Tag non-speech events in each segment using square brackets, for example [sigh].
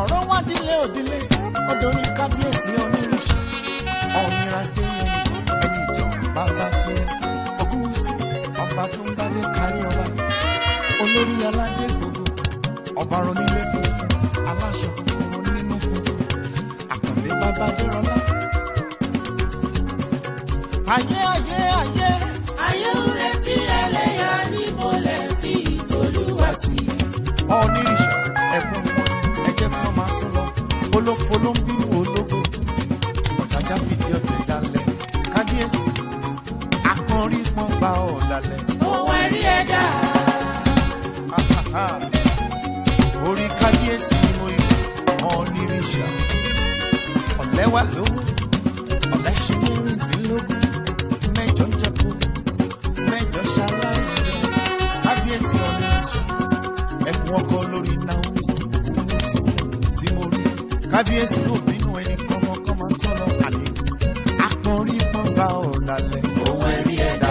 ọ̀rọ̀ wá dílé òdílé ọdọ̀rí kábíyèsí onírìṣà ọ̀nìyàn adéyẹ ẹni ìjọba bàbá tilẹ̀ Ògúnwùsì ọba tó ń bádé kárí ọba olórí aládé gbogbo ọba ronílé funfun aláṣọ funfun onínú funfun àkàndé bàbá dérọlá ayé ayé ayé. sí i. wọn ò ní ìṣọ ẹkún wọn ẹjẹ kan máa sún lọ olófo ló ń bínú ológo ọ̀tàjà fìdí ọ̀tẹ̀ jalẹ̀ kábíyèsí akọrin pọ́n gba ọ̀làlẹ̀. òun ẹ̀rí ẹ̀dá. orí kábíyèsí ni mo yọ wọn ò ọ̀lẹ́wà lówó ọ̀lẹ́ṣin mẹ́rìndínlógún. kábíyèsí ò bínú ẹni kọ́mọkọ́mọ sọ́nà àlè àpọ̀n orí bá ọ̀la lẹ̀. ohun ẹ̀rí ẹ̀dá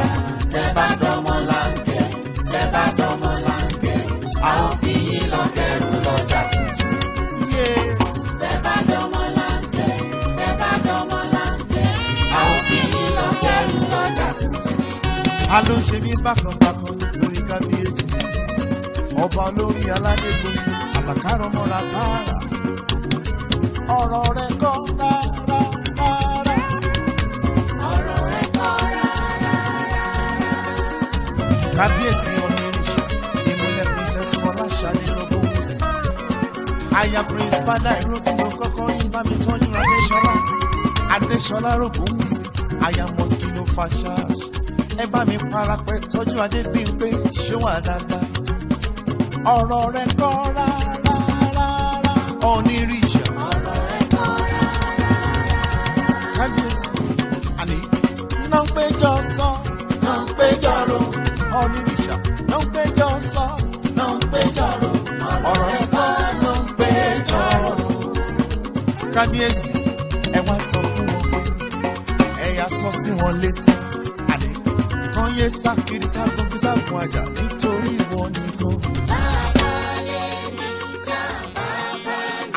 tẹ́ bá dọ́mọ láǹkẹ́ tẹ́ bá dọ́mọ láǹkẹ́ a ó fi yín lọ kẹrù lọ́jà tuntun. tẹ́ a ó fi yín lọ kẹrù lọ́jà tuntun. a ló ṣe mí bákanbákan torí kábíyèsí ọba olórí aládé gbòmìnira tààrà ọ̀rọ̀ rẹ kọ́ rárá. ọ̀rọ̀ rẹ kọ́ rárá. kábíyèsí onírìṣà ìmúlẹ̀ princess fọláṣadé lọ́gbọ́n wùsì. aya prince bala ìró tí mo kọ́kọ́ yín bá mi tọ́jú adéṣọlá adéṣọlá rògbò wùsì aya mosquito fashas ẹ bá mi parapẹ̀ tọ́jú adé bíi pé ṣé wà dáadáa ọ̀rọ̀ rẹ kọ́. péjọ sọ náà ń péjọ ro onírìṣà náà ń péjọ sọ náà ń péjọ ro ọ̀rọ̀ rẹ̀ bá náà ń péjọ ro. kábíyèsí ẹ wá sọ fún wọn pé ẹ̀yà sọ sí wọn létí àlẹ́ kan yé sákiri ságbógi ságun àjà nítorí ìwọ nìkan.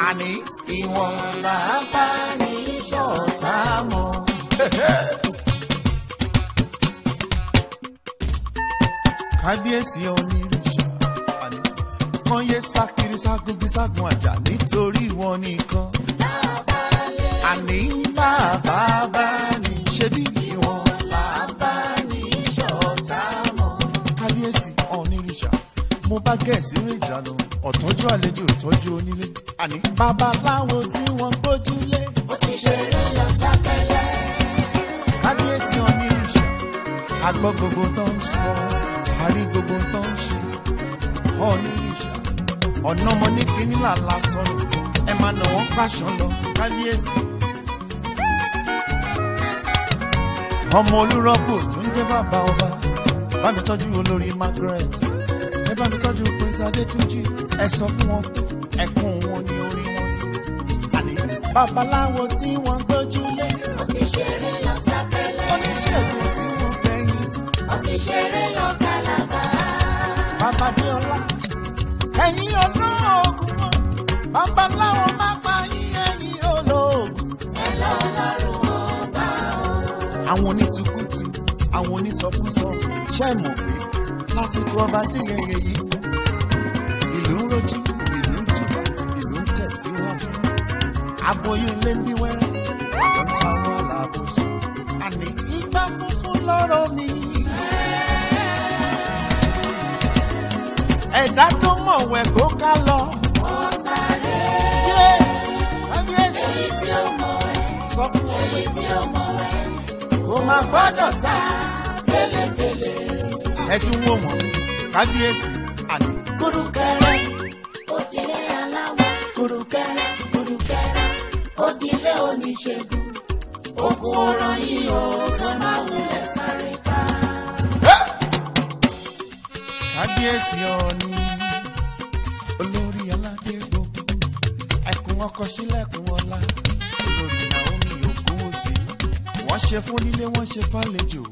àní ìwọ̀n làá ní sọ̀tà mọ́. [laughs] kábíyèsí onírìṣà kan yé sákiri ságungi ságun àjà nítorí wọn nìkan àní bàbá bá ní ṣe bí wọn bàbá ní ṣọ̀tá mọ́. kábíyèsí onírìṣà mo bá gẹ̀ẹ́sì rìn ìjànà ọ̀tọ́jú àlejò ìtọ́jú onílé àní babaláwo tí wọ́n gbójúlé. ó ti ṣeré lọ sákẹ́lẹ́. kábíyèsí onírìṣà a gbọ́ gbogbo tó ń sọ parí gbogbo tó ń ṣe ọ̀ọ́nì ìṣà ọ̀nà ọmọ ní kínní làlá sọ̀rọ̀ ẹ máa nà wọ́n pàṣán lọ kábíyèsí. ọmọ olúrọ́pò tó ń jẹ́ bàbá ọba bá mi tọ́jú olórí Margaret ẹ bá mi tọ́jú Prince Adétúnjì ẹ sọ fún wọn ẹkún wọn ní orí wọn ni àní babaláwo tí wọ́n gbójúlé. ó ti ṣeré lọ sábẹ́lẹ̀. oníṣègùn tí wọ́n fẹ̀yìntì. ó ti ṣeré lọ bẹ́ẹ̀. Adéọlá ẹ̀yin olóògùn mọ́ babaláwo má pa yín ẹ̀yin olóògùn. ẹ lọ lọ́rùn ọba o. àwọn onítùkùtù àwọn onísọkúsọ ṣe mọ̀ pé lásìkò ọba Adéyẹyẹ yìí ìlú ń rojú ìlú ń tù ìlú ń tẹ̀síwájú aboyún ilé ń bí wẹ́rẹ́ àgbọ̀ntàn ọmọ làbùsùn àní igbá funfun lọ́rọ̀ mi. wẹ̀ kó ká lọ. ó sáré èyí tí ó gbọ́dọ̀ ta fẹ́lẹ́fẹ́lẹ́. ẹ ti ń wò wọ́n kábíyèsí àná. kúrúkẹrẹ òdìlé aláwọ̀ kúrúkẹrẹ kúrúkẹrẹ òdìlé oníṣègùn ogun ọ̀ràn yìí ó kàn máa wulẹ̀ sáré ká. kábíyèsí ọ̀ni. wọ́n kọ sílẹ̀kùn ọlá olórí Naomi Ogunwusi wọ́n ṣe fún nílé wọ́n ṣe fàlejò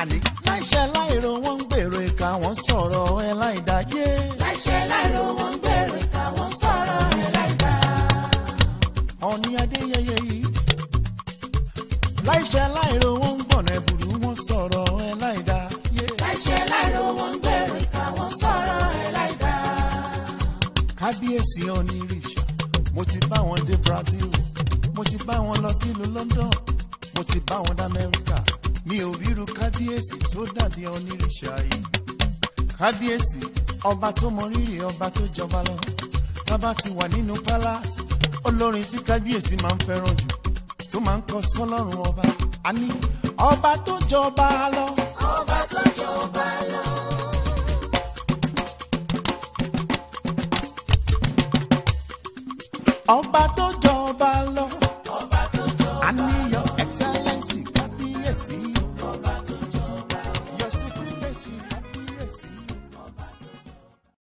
àní. láìṣe láìro wọ́n ń gbèrò ìka wọ́n sọ̀rọ̀ ẹ láìdáyé. láìṣe láìro wọ́n ń gbèrò ìka wọ́n sọ̀rọ̀ ẹ láìdá. Ọ̀ọ̀ni Adéyẹyẹ yìí láìṣe láìro wọ́n ń gbọ̀nà ẹ̀bùrú wọ́n sọ̀rọ̀ ẹ láìdá. láìṣe láìro wọ́n ń gbèrò ìka wọ́n sọ̀rọ̀ ẹ láìdá. kábíyèsí Ọ̀ọ̀ni rìṣà mo ti bá wọn dé Brazil mo ti bá wọn lọ sílùú London mo ti bá wọn d'Amẹ́ríkà mi ò ríru kábíyèsí tó dàbí onírìṣà yìí kábíyèsí ọba tó mọ rírì ọba tó jọba lọ tábà ti wà nínú palace olórin tí kábíyèsí máa ń fẹ́ràn jù tó máa ń kọ sọ́lọ́run ọba àní ọba tó jọba lọ. ọba tó jọba lọ. ọba tó